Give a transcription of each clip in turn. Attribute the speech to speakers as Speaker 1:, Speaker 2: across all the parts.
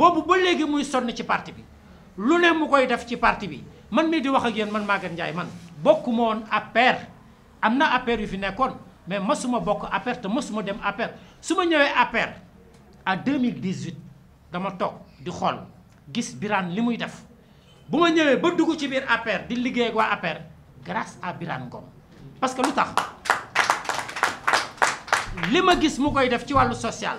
Speaker 1: bobu ba léegi muy sonni ci parti bi lu ne mu koy def ci parti bi man mi di wax ak yeen man gën jaay man bokku mo won aper amna aper yu fi nekkon mais masuma bokk aper te masuma dem aper suma ma aper à 2018 dama tok di xol gis biran limuy def Buma ma ba dugg ci bir aper di liggéey ak wa aper grâce à biran Ngom parce que lutax lima gis mu koy def ci walu social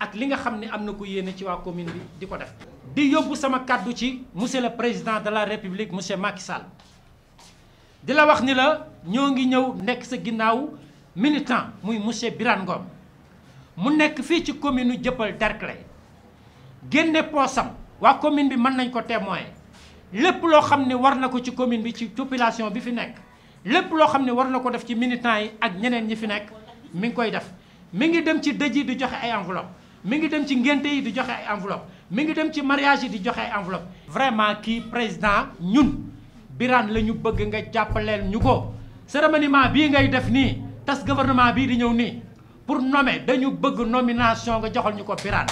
Speaker 1: ak li nga xam ni am na ko yéene ci waa commune bi di ko def. di yóbbu sama kàddu ci monsieur le président de la république monsieur Macky Sall di la wax ni la ñoo ngi ñëw nekk sa ginnaaw militant muy monsieur Birane Ngom mu nekk fii ci commune jëppal Derklé génne poosam waa commune bi mën nañ ko témoin lépp loo xam ne war na ko ci commune bi ci population bi fi nekk lépp loo xam ne war na ko def ci militant yi ak ñeneen ñi fi nekk mi ngi koy def mi ngi dem ci dëj di joxe ay enveloppe mi ngi dem ci ngénte yi di joxe ay enveloppe mi ngi dem ci mariage yi di joxe ay enveloppe vraiment kii président ñun Birane la ñu bëgg nga jàppaleel ñu ko cérémoniement bii ngay def nii tas gouvernement bii di ñëw nii pour nommer dañu bëgg nomination nga joxal ñu ko Birane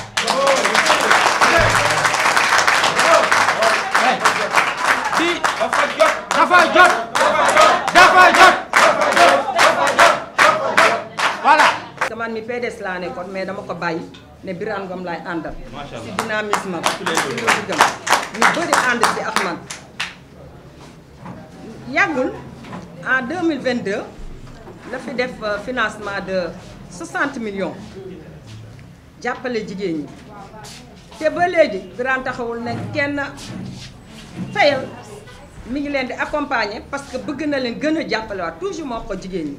Speaker 2: di dafa jot dafa
Speaker 3: jot dafa jot man mi PDS laa kon mais dama ko bàyyi ne biran Ngom lay andal si dynamisme am si logique ñu bëri ànd ci ak man yàggul en 2022 la fi def euh, financement de 60 millions jàppale jigéen ñi te ba léegi grand taxawul ne kenn fayal mi ngi leen di accompagner parce que bëgg na leen gën a jàppale toujours moo ko jigéen ñi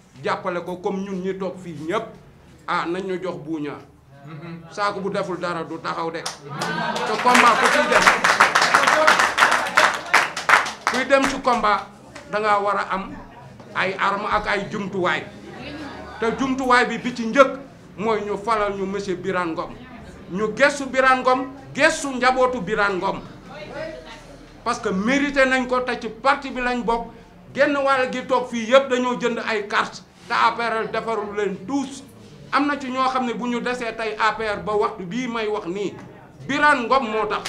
Speaker 2: jàppale ko comme ñun ñi tok fi ñep ah nañ ñu jox buuña saako bu deful dara du taxaw de te
Speaker 3: combat ko ci dem
Speaker 2: ku dem ci combat da nga wara am ay arme ak ay way te way bi bi ci ñeuk moy ñu falal ñu monsieur Birane ñu gessu Birane Ngom gestu njabootu parce que mérité nañ ko te ci parti bi lañ bok genn wàll gi tok fi yeb dañu jënd ay carte te APR defaru leen tous am na ci ñoo xam ne bu ñu desee tey APR ba waxtu bii may wax nii Birane Ngom moo tax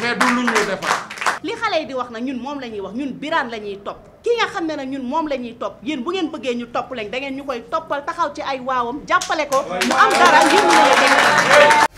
Speaker 2: mais du lu ñu
Speaker 3: defar. li xale yi di wax na ñun moom la ñuy wax ñun Birane la ñuy topp ki nga xam ne nag ñun moom la ñuy topp yéen bu ngeen bëggee ñu topp lañ da ngeen ñu koy toppal taxaw ci ay waawam jàppale ko mu am dara ngir mu